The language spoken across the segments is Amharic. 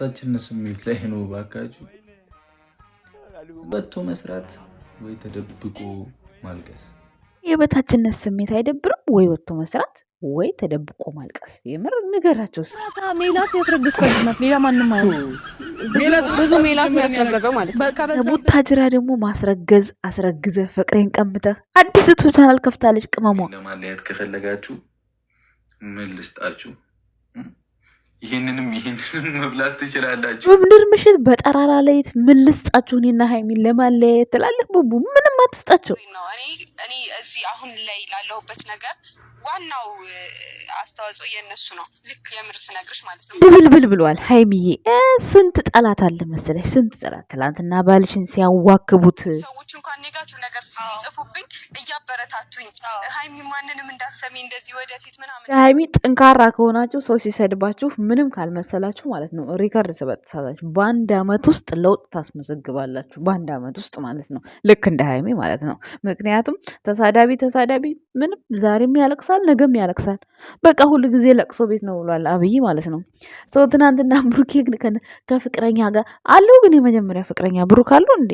ታችነት ስሜት ላይ ነው። ባካችሁ በቶ መስራት ወይ ተደብቆ ማልቀስ። የበታችነት ስሜት አይደብርም ወይ? ወጥቶ መስራት ወይ ተደብቆ ማልቀስ። የምር ንገራቸው እስኪ። ሜላት ያስረገዝናት ሌላ ማንም ብዙ ሜላት ያስረገዘው ማለት ነው። ቡታጅራ ደግሞ ማስረገዝ አስረግዘ ፍቅሬን ቀምተህ አዲስ ቱታናል ከፍታለች ቅመሟ። ለማለያት ከፈለጋችሁ ምን ልስጣችሁ? ይህንንም ይህንንም መብላት ትችላላችሁ። ምድር ምሽት በጠራራ ለይት ምን ልስጣችሁ? እኔና ሀይሚን ለማለያየት ትላለህ ቡቡ። ምንም አትስጣቸው። እኔ እዚህ አሁን ላይ ላለሁበት ነገር ዋናው አስተዋጽኦ የእነሱ ነው። ልክ የምር ስነግርሽ ማለት ነው። ብልብል ብሏል ሀይሚዬ። ስንት ጠላት አለ መሰለሽ፣ ስንት ጠላት ትላንትና ባልሽን ሲያዋክቡት ሰዎች እንኳን ኔጋቲቭ ነገር ሲጽፉብኝ እያበረታቱኝ፣ ሀይሚ ማንንም እንዳሰሚ እንደዚህ ወደፊት ምናምን። ሀይሚ ጠንካራ ከሆናችሁ ሰው ሲሰድባችሁ ምንም ካልመሰላችሁ ማለት ነው ሪከርድ ትበጥሳላችሁ። በአንድ አመት ውስጥ ለውጥ ታስመዘግባላችሁ። በአንድ አመት ውስጥ ማለት ነው። ልክ እንደ ሀይሚ ማለት ነው። ምክንያቱም ተሳዳቢ ተሳዳቢ ምንም ዛሬም ያለቅሳል ያለቅሳል፣ ነገም ያለቅሳል። በቃ ሁሉ ጊዜ ለቅሶ ቤት ነው ብሏል አብይ ማለት ነው። ሰው ትናንትና ብሩኬ ከፍቅረኛ ጋር አለው። ግን የመጀመሪያ ፍቅረኛ ብሩክ አለው እንዴ?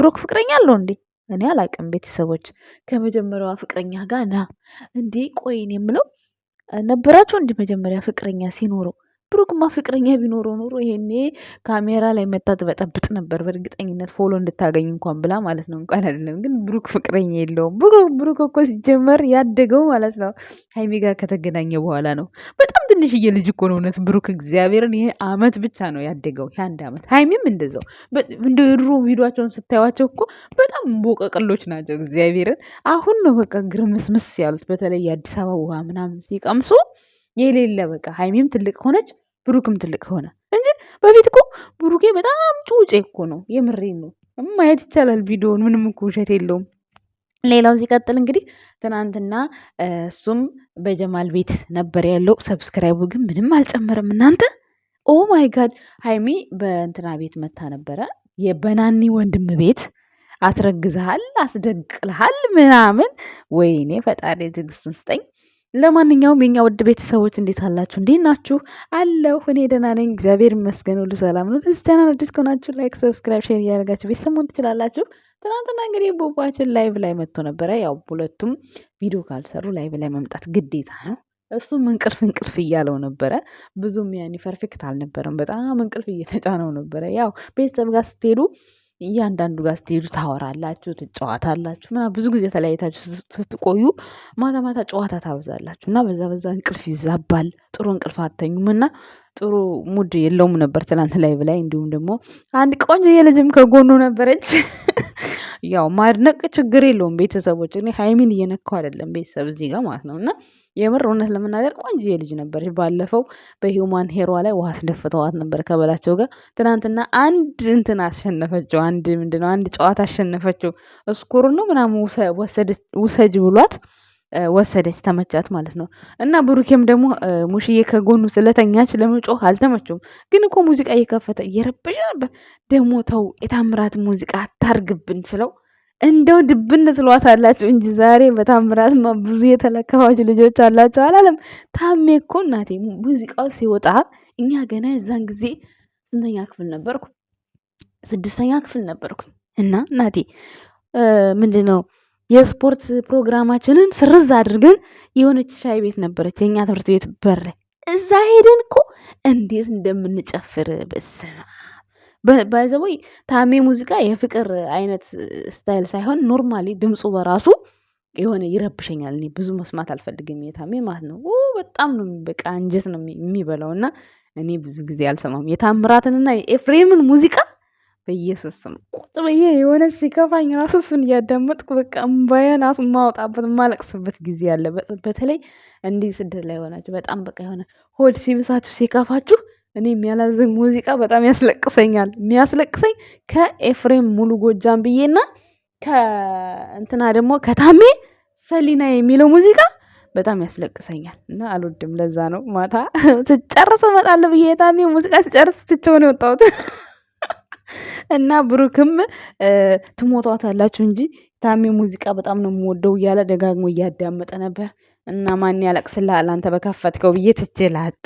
ብሩክ ፍቅረኛ አለው እንዴ? እኔ አላቅም። ቤተሰቦች ከመጀመሪያዋ ፍቅረኛ ጋር ና እንዴ? ቆይን የምለው ነበራቸው እንዲ መጀመሪያ ፍቅረኛ ሲኖረው ብሩክማ ፍቅረኛ ቢኖረው ኖሮ ይሄኔ ካሜራ ላይ መታ ትበጠብጥ ነበር፣ በእርግጠኝነት ፎሎ እንድታገኝ እንኳን ብላ ማለት ነው። እንኳን አይደለም ግን ብሩክ ፍቅረኛ የለውም። ብሩክ እኮ ሲጀመር ያደገው ማለት ነው ሀይሚ ጋር ከተገናኘ በኋላ ነው። በጣም ትንሽዬ ልጅ እኮ ነው እውነት ብሩክ እግዚአብሔርን። ይሄ አመት ብቻ ነው ያደገው፣ የአንድ አመት። ሀይሚም እንደዛው እንደ ድሮ ቪዲዮቸውን ስታዩቸው እኮ በጣም ቦቀቅሎች ናቸው። እግዚአብሔርን አሁን ነው በቃ ግርምስምስ ያሉት፣ በተለይ የአዲስ አበባ ውሃ ምናምን ሲቀምሱ የሌለ በቃ ሀይሚም ትልቅ ሆነች ብሩክም ትልቅ ሆነ እንጂ በፊት እኮ ብሩኬ በጣም ጩጬ እኮ ነው። የምሬ ነው። ማየት ይቻላል ቪዲዮን። ምንም እኮ ውሸት የለውም። ሌላው ሲቀጥል እንግዲህ ትናንትና እሱም በጀማል ቤት ነበር ያለው። ሰብስክራይቡ ግን ምንም አልጨመረም እናንተ። ኦ ማይ ጋድ ሀይሚ በእንትና ቤት መታ ነበረ የበናኒ ወንድም ቤት አስረግዝሃል፣ አስደቅልሃል ምናምን። ወይኔ ፈጣሪ ትዕግስትን ስጠኝ። ለማንኛውም የኛ ውድ ቤተሰቦች እንዴት አላችሁ? እንዴት ናችሁ? አለሁ እኔ ደህና ነኝ፣ እግዚአብሔር ይመስገን፣ ሁሉ ሰላም ነው። ለዚህ ቻናል አዲስ ከሆናችሁ ላይክ፣ ሰብስክራይብ፣ ሼር እያደረጋችሁ ቤተሰብ ትችላላችሁ። ትናንትና እንግዲህ ቦባችን ላይቭ ላይ መጥቶ ነበረ። ያው ሁለቱም ቪዲዮ ካልሰሩ ላይቭ ላይ መምጣት ግዴታ ነው። እሱም እንቅልፍ እንቅልፍ እያለው ነበረ። ብዙም ያኔ ፐርፌክት አልነበረም። በጣም እንቅልፍ እየተጫነው ነበረ። ያው ቤተሰብ ጋር ስትሄዱ እያንዳንዱ ጋር ስትሄዱ ታወራላችሁ ትጨዋታላችሁ። ምናምን ብዙ ጊዜ ተለያይታችሁ ስትቆዩ ማታ ማታ ጨዋታ ታበዛላችሁ እና በዛ በዛ እንቅልፍ ይዛባል ጥሩ እንቅልፍ አተኙም እና ጥሩ ሙድ የለውም ነበር ትላንት ላይ ብላይ። እንዲሁም ደግሞ አንድ ቆንጆ የልጅም ከጎኑ ነበረች። ያው ማድነቅ ችግር የለውም ቤተሰቦች፣ እኔ ሀይሚን እየነካው አይደለም ቤተሰብ እዚህ ጋር ማለት ነው። እና የምር እውነት ለመናገር ቆንጆ የልጅ ነበረች። ባለፈው በሂውማን ሄሯ ላይ ውሃ አስደፍተዋት ነበር ከበላቸው ጋር። ትናንትና አንድ እንትን አሸነፈችው፣ አንድ ምንድነው አንድ ጨዋታ አሸነፈችው። እስኩር ነው ምናምን ውሰጅ ብሏት ወሰደች ተመቻት ማለት ነው። እና ብሩኬም ደግሞ ሙሽዬ ከጎኑ ስለተኛች ለመጮህ አልተመቸውም። ግን እኮ ሙዚቃ እየከፈተ እየረበሸ ነበር። ደግሞ ተው የታምራት ሙዚቃ አታርግብን ስለው እንደው ድብን ትሏት አላችሁ እንጂ ዛሬ በታምራት ብዙ የተለከፋችሁ ልጆች አላችሁ አላለም። ታሜ እኮ እናቴ ሙዚቃው ሲወጣ እኛ ገና የዛን ጊዜ ስንተኛ ክፍል ነበርኩ? ስድስተኛ ክፍል ነበርኩኝ። እና እናቴ ምንድን ነው የስፖርት ፕሮግራማችንን ስርዝ አድርገን የሆነች ሻይ ቤት ነበረች የእኛ ትምህርት ቤት በር እዛ ሄደን እኮ እንዴት እንደምንጨፍር በስመ ባይዘወይ ታሜ ሙዚቃ የፍቅር አይነት ስታይል ሳይሆን ኖርማሊ ድምፁ በራሱ የሆነ ይረብሸኛል። እኔ ብዙ መስማት አልፈልግም፣ የታሜ ማለት ነው። በጣም ነው በቃ አንጀት ነው የሚበላው እና እኔ ብዙ ጊዜ አልሰማም የታምራትንና የኤፍሬምን ሙዚቃ በኢየሱስ ስም ቁጭ ብዬ የሆነ ሲከፋኝ ራሱ እሱን እያዳመጥኩ በቃ እምባዬን ራሱ የማወጣበት የማለቅስበት ጊዜ አለ። በተለይ እንዲህ ስደት ላይ ሆናችሁ በጣም በቃ የሆነ ሆድ ሲብሳችሁ ሲከፋችሁ፣ እኔ የሚያላዝን ሙዚቃ በጣም ያስለቅሰኛል። የሚያስለቅሰኝ ከኤፍሬም ሙሉ ጎጃም ብዬና ከእንትና ደግሞ ከታሜ ሰሊና የሚለው ሙዚቃ በጣም ያስለቅሰኛል እና አልወድም። ለዛ ነው ማታ ስጨርስ እመጣለሁ ብዬ የታሜ ሙዚቃ ስጨርስ ትቼው ነው የወጣሁት። እና ብሩክም ትሞቷታላችሁ እንጂ ታሚ ሙዚቃ በጣም ነው የምወደው እያለ ደጋግሞ እያዳመጠ ነበር። እና ማን ያለቅስልሃል አንተ በከፈትከው ብዬ ትቼ ላጥ።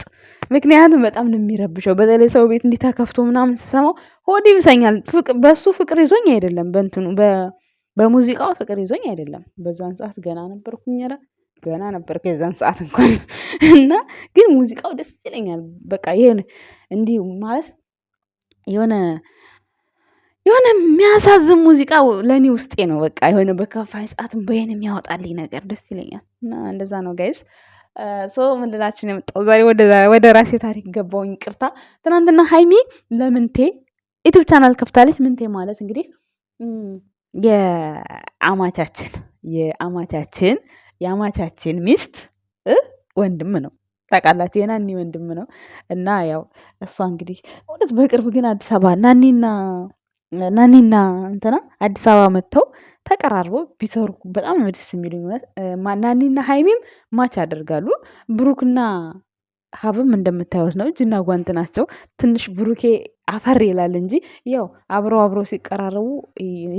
ምክንያቱም በጣም ነው የሚረብሸው። በተለይ ሰው ቤት እንዲህ ተከፍቶ ምናምን ስሰማው ሆድ ይብሰኛል። በሱ ፍቅር ይዞኝ አይደለም፣ በእንትኑ በሙዚቃው ፍቅር ይዞኝ አይደለም። በዛን ሰዓት ገና ነበርኩኝ፣ ገና ነበር የዛን ሰዓት እንኳን እና ግን ሙዚቃው ደስ ይለኛል። በቃ ይሄን እንዲህ ማለት የሆነ የሆነ የሚያሳዝን ሙዚቃ ለእኔ ውስጤ ነው። በቃ የሆነ በከፋይ ሰዓት በይን የሚያወጣልኝ ነገር ደስ ይለኛል። እና እንደዛ ነው ጋይስ። ሶ ምንድላችን የመጣው ዛሬ ወደ ራሴ ታሪክ ገባውኝ። ቅርታ ትናንትና ሀይሚ ለምንቴ ዩቱብ ቻናል ከፍታለች። ምንቴ ማለት እንግዲህ የአማቻችን የአማቻችን የአማቻችን ሚስት ወንድም ነው ታውቃላችሁ፣ የናኒ ወንድም ነው እና ያው እሷ እንግዲህ እውነት በቅርብ ግን አዲስ አበባ ናኒና ናኒና እንትና አዲስ አበባ መጥተው ተቀራርበው ቢሰሩ በጣም ነው ደስ የሚሉኝ። ናኒና ሀይሚም ማች ያደርጋሉ። ብሩክና ሀብም እንደምታዩት ነው፣ እጅና ጓንት ናቸው። ትንሽ ብሩኬ አፈር ይላል እንጂ ያው አብረው አብረው ሲቀራረቡ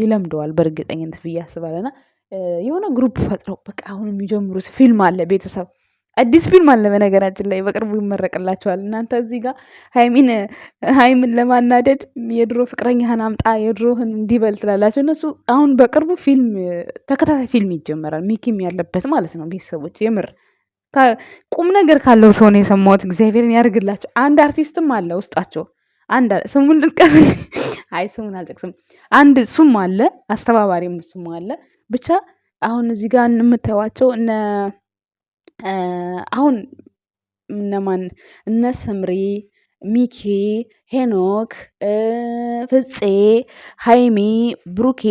ይለምደዋል በእርግጠኝነት ብዬ አስባለና የሆነ ግሩፕ ፈጥረው በቃ አሁን የሚጀምሩት ፊልም አለ ቤተሰብ አዲስ ፊልም አለ በነገራችን ላይ በቅርቡ ይመረቅላቸዋል። እናንተ እዚህ ጋር ሀይሚን ሀይምን ለማናደድ የድሮ ፍቅረኛህን አምጣ የድሮህን እንዲበል ትላላቸው። እነሱ አሁን በቅርቡ ፊልም ተከታታይ ፊልም ይጀመራል፣ ሚኪም ያለበት ማለት ነው። ቤተሰቦች የምር ቁም ነገር ካለው ሰው ነው የሰማሁት። እግዚአብሔርን ያደርግላቸው። አንድ አርቲስትም አለ ውስጣቸው አንድ ስሙን ልጥቀስ፣ አይ ስሙን አልጠቅስም። አንድ እሱም አለ አስተባባሪም እሱም አለ ብቻ አሁን እዚህ ጋር የምታዩዋቸው እነ አሁን እነማን እነ ስምሪ ሚኪ ሄኖክ ፍፄ ሃይሚ ብሩኬ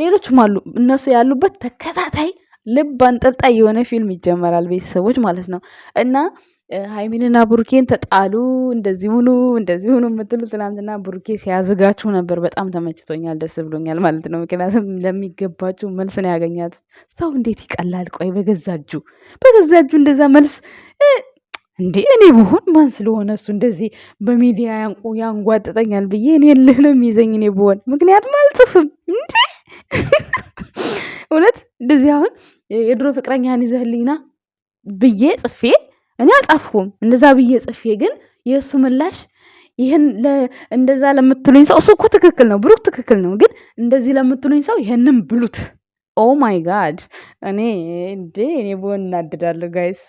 ሌሎችም አሉ። እነሱ ያሉበት ተከታታይ ልብ አንጠልጣይ የሆነ ፊልም ይጀመራል ቤተሰቦች ማለት ነው እና ሀይሚንና ብሩኬን ተጣሉ፣ እንደዚህ ሁኑ፣ እንደዚህ ሁኑ የምትሉ ትናንትና ብሩኬ ሲያዝጋችሁ ነበር። በጣም ተመችቶኛል፣ ደስ ብሎኛል ማለት ነው። ምክንያቱም ለሚገባችሁ መልስ ነው ያገኛት። ሰው እንዴት ይቀላል? ቆይ በገዛጁ በገዛጁ እንደዛ መልስ እንዴ! እኔ ብሆን ማን ስለሆነ እሱ እንደዚህ በሚዲያ ያንቁ ያንጓጥጠኛል ብዬ እኔ ልህ ነው የሚይዘኝ እኔ ብሆን፣ ምክንያቱም አልጽፍም እንዴ እውነት እንደዚህ አሁን የድሮ ፍቅረኛህን ይዘህልኝና ብዬ ጽፌ እኔ አልጻፍኩም። እንደዛ ብዬ ጽፌ ግን የእሱ ምላሽ ይህን እንደዛ ለምትሉኝ ሰው እሱ እኮ ትክክል ነው፣ ብሩክ ትክክል ነው። ግን እንደዚህ ለምትሉኝ ሰው ይህንን ብሉት። ኦ ማይ ጋድ እኔ እንዴ እኔ ብሆን እናድዳለሁ ጋይስ።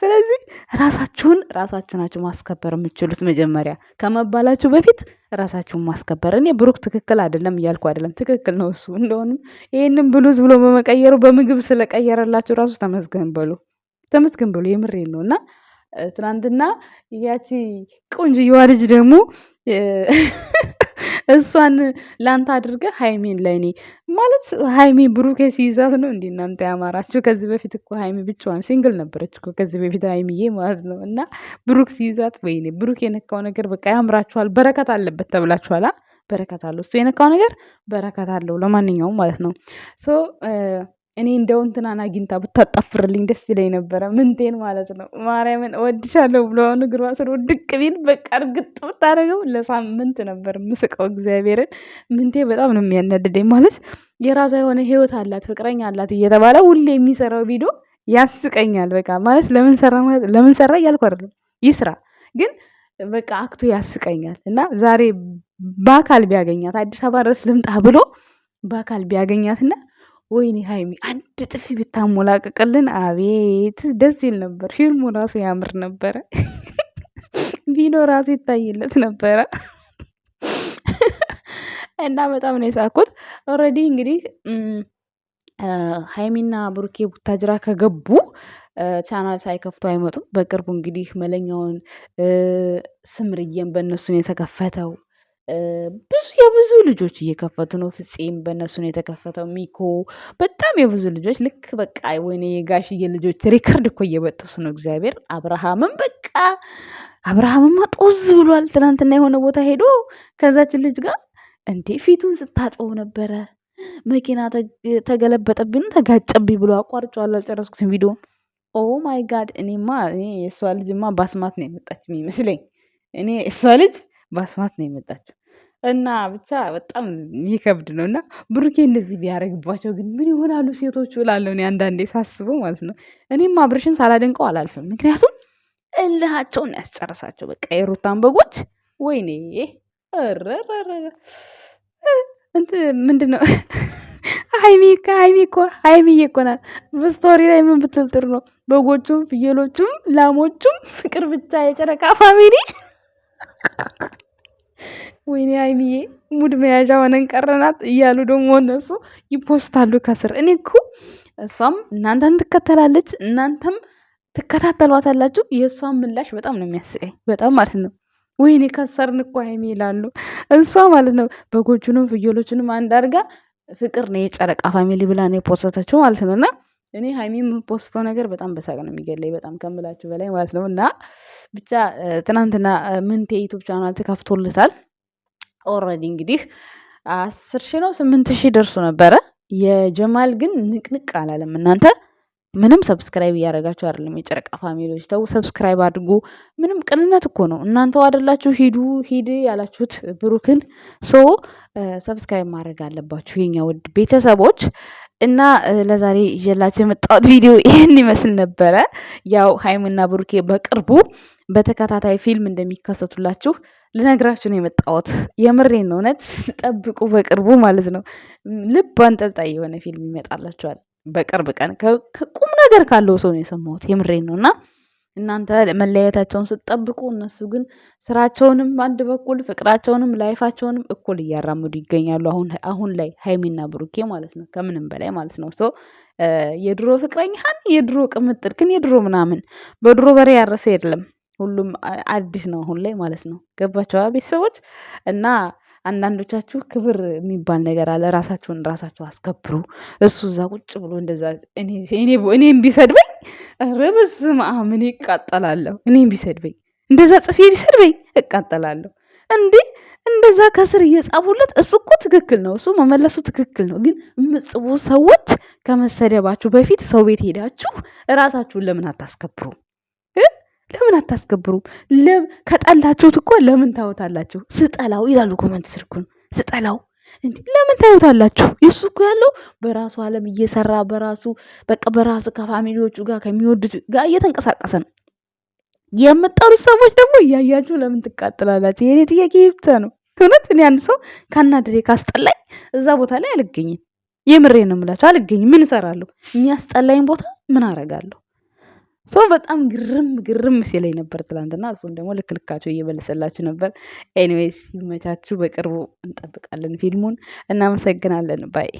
ስለዚህ ራሳችሁን ራሳችሁ ናችሁ ማስከበር የምችሉት። መጀመሪያ ከመባላችሁ በፊት ራሳችሁን ማስከበር። እኔ ብሩክ ትክክል አይደለም እያልኩ አይደለም፣ ትክክል ነው እሱ። እንደሆንም ይህንን ብሉዝ ብሎ በመቀየሩ በምግብ ስለቀየረላችሁ ራሱ ተመስገን በሉ። ተመስገን ብሎ የምሬ ነው። እና ትናንትና ያቺ ቆንጆየዋ ልጅ ደግሞ እሷን ለአንተ አድርገ ሀይሜን ለእኔ ማለት ሀይሜ ብሩኬ ሲይዛት ነው እንዲ እናንተ ያማራችሁ። ከዚህ በፊት እኮ ሀይሜ ብቻዋን ሲንግል ነበረች እኮ ከዚህ በፊት ሀይሜዬ ማለት ነው። እና ብሩክ ሲይዛት ወይኔ ብሩክ የነካው ነገር በቃ ያምራችኋል፣ በረከት አለበት ተብላችኋል። በረከት አለው እሱ የነካው ነገር በረከት አለው። ለማንኛውም ማለት ነው ሶ እኔ እንደው እንትናን አግኝታ ብታጣፍርልኝ ደስ ይለኝ ነበረ። ምንቴን ማለት ነው። ማርያምን እወድሻለሁ ብሎ አሁን እግሯ ስር ውድቅ ቢል በቃ እርግጥ ብታደርገው ለሳምንት ነበር ምስቀው። እግዚአብሔርን ምንቴ በጣም ነው የሚያናድደኝ። ማለት የራሷ የሆነ ህይወት አላት፣ ፍቅረኛ አላት እየተባለ ሁሌ የሚሰራው ቪዲዮ ያስቀኛል። በቃ ማለት ለምን ሰራ ለምን ሰራ እያልኩ አይደለም፣ ይስራ ግን በቃ አክቱ ያስቀኛል። እና ዛሬ በአካል ቢያገኛት አዲስ አበባ ድረስ ልምጣ ብሎ በአካል ቢያገኛትና ወይኔ ሀይሚ አንድ ጥፊ ብታሞላቀቅልን አቤት ደስ ይል ነበር። ፊልሙ ራሱ ያምር ነበረ። ቪዲዮ ራሱ ይታይለት ነበረ እና በጣም ነው የሳኩት። ኦልሬዲ እንግዲህ ሀይሚና ብሩኬ ቡታጅራ ከገቡ ቻናል ሳይከፍቱ አይመጡም። በቅርቡ እንግዲህ መለኛውን ስምርዬን በእነሱን የተከፈተው ብዙ የብዙ ልጆች እየከፈቱ ነው። ፍፄም በእነሱ ነው የተከፈተው። ሚኮ በጣም የብዙ ልጆች ልክ በቃ ወይኔ የጋሽዬ ልጆች ሪከርድ እኮ እየበጠሱ ነው። እግዚአብሔር አብርሃምም በቃ አብርሃምማ ጦዝ ብሏል። ትናንትና የሆነ ቦታ ሄዶ ከዛችን ልጅ ጋር እንዴ ፊቱን ስታጮው ነበረ። መኪና ተገለበጠብኝ ተጋጨብኝ ብሎ አቋርጬዋለሁ። አልጨረስኩትም ቪዲዮ። ኦ ማይ ጋድ! እኔማ እኔ የእሷ ልጅማ ባስማት ነው የመጣች የሚመስለኝ። እኔ እሷ ልጅ ባስማት ነው የመጣችው። እና ብቻ በጣም የሚከብድ ነው። እና ብሩኬ እንደዚህ ቢያደርግባቸው ግን ምን ይሆናሉ ሴቶቹ እላለሁ እኔ አንዳንዴ ሳስበው ማለት ነው። እኔም አብርሽን ሳላደንቀው አላልፍም። ምክንያቱም እልሃቸውን ያስጨረሳቸው በቃ የሩታን በጎች ወይኔ እንት ምንድን ነው ሀይሚ ሀይሚ እኮ ሀይሚዬ በስቶሪ ላይ ምን ብትልጥር ነው? በጎቹም ፍየሎቹም ላሞቹም ፍቅር ብቻ የጨረቃ ፋሚሊ ወይኔ አይሚዬ ሙድ መያዣ ሆነን ቀረናት እያሉ ደግሞ እነሱ ይፖስታሉ ከስር። እኔ እኮ እሷም እናንተን ትከተላለች፣ እናንተም ትከታተሏታላችሁ። የእሷን ምላሽ በጣም ነው የሚያስቀኝ፣ በጣም ማለት ነው። ወይኔ ከሰርን እኮ አይሚ ይላሉ። እሷ ማለት ነው በጎቹንም ፍየሎቹንም አንድ አድርጋ ፍቅር ነው የጨረቃ ፋሚሊ ብላ ነው የፖሰተችው ማለት ነው እና እኔ ሀይሚ የምፖስተው ነገር በጣም በሳቅ ነው የሚገለኝ፣ በጣም ከምላችሁ በላይ ማለት ነው። እና ብቻ ትናንትና ምንቴ ዩቱብ ቻናል ተከፍቶልታል። ኦልሬዲ እንግዲህ አስር ሺ ነው ስምንት ሺ ደርሶ ነበረ። የጀማል ግን ንቅንቅ አላለም። እናንተ ምንም ሰብስክራይብ እያደረጋችሁ አይደለም። የጨረቃ ፋሚሊዎች ተው ሰብስክራይብ አድርጉ። ምንም ቅንነት እኮ ነው። እናንተው አደላችሁ ሂዱ ሂድ ያላችሁት ብሩክን ሶ ሰብስክራይብ ማድረግ አለባችሁ የኛ ውድ ቤተሰቦች። እና ለዛሬ ይዤላችሁ የመጣሁት ቪዲዮ ይህን ይመስል ነበረ። ያው ሀይሚና ብሩኬ በቅርቡ በተከታታይ ፊልም እንደሚከሰቱላችሁ ልነግራችሁ ነው የመጣሁት። የምሬን ነው፣ እውነት ጠብቁ። በቅርቡ ማለት ነው ልብ አንጠልጣይ የሆነ ፊልም ይመጣላችኋል በቅርብ ቀን። ከቁም ነገር ካለው ሰው ነው የሰማሁት። የምሬን ነው እና እናንተ መለያየታቸውን ስትጠብቁ እነሱ ግን ስራቸውንም አንድ በኩል ፍቅራቸውንም ላይፋቸውንም እኩል እያራመዱ ይገኛሉ። አሁን ላይ ሀይሚና ብሩኬ ማለት ነው ከምንም በላይ ማለት ነው። ሶ የድሮ ፍቅረኛን የድሮ ቅምጥል ግን የድሮ ምናምን በድሮ በሬ ያረሰ የለም። ሁሉም አዲስ ነው አሁን ላይ ማለት ነው። ገባቸዋ ቤተሰቦች እና አንዳንዶቻችሁ ክብር የሚባል ነገር አለ። ራሳችሁን ራሳችሁ አስከብሩ። እሱ እዛ ቁጭ ብሎ እንደዛ እኔም ቢሰድበኝ ረበስ ማምን ይቃጠላለሁ። እኔም ቢሰድበኝ እንደዛ ጽፌ ቢሰድበኝ እቃጠላለሁ። እንዴ እንደዛ ከስር እየጻፉለት እሱ እኮ ትክክል ነው፣ እሱ መመለሱ ትክክል ነው። ግን የምጽቡ ሰዎች ከመሰደባችሁ በፊት ሰው ቤት ሄዳችሁ ራሳችሁን ለምን አታስከብሩ? ለምን አታስከብሩም ከጠላችሁት እኮ ለምን ታወታላችሁ? ስጠላው ይላሉ ኮመንት ስር ስጠላው ለምን ታዩታላችሁ? የሱ እኮ ያለው በራሱ ዓለም እየሰራ በራሱ በቃ በራሱ ከፋሚሊዎቹ ጋር ከሚወዱት ጋር እየተንቀሳቀሰ ነው። የምጠሩት ሰዎች ደግሞ እያያችሁ ለምን ትቃጥላላችሁ? የኔ ጥያቄ ብቻ ነው። እውነት እኔ አንድ ሰው ድሬ ካስጠላኝ እዛ ቦታ ላይ አልገኝም። የምሬ ነው የምላችሁ፣ አልገኝም። ምን እሰራለሁ? የሚያስጠላኝ ቦታ ምን አረጋለሁ? ሰው በጣም ግርም ግርም ሲለኝ ነበር ትላንትና። እሱም ደግሞ ልክልካቸው እየመለሰላችሁ ነበር። ኤኒዌይስ ይመቻችሁ። በቅርቡ እንጠብቃለን ፊልሙን። እናመሰግናለን። ባይ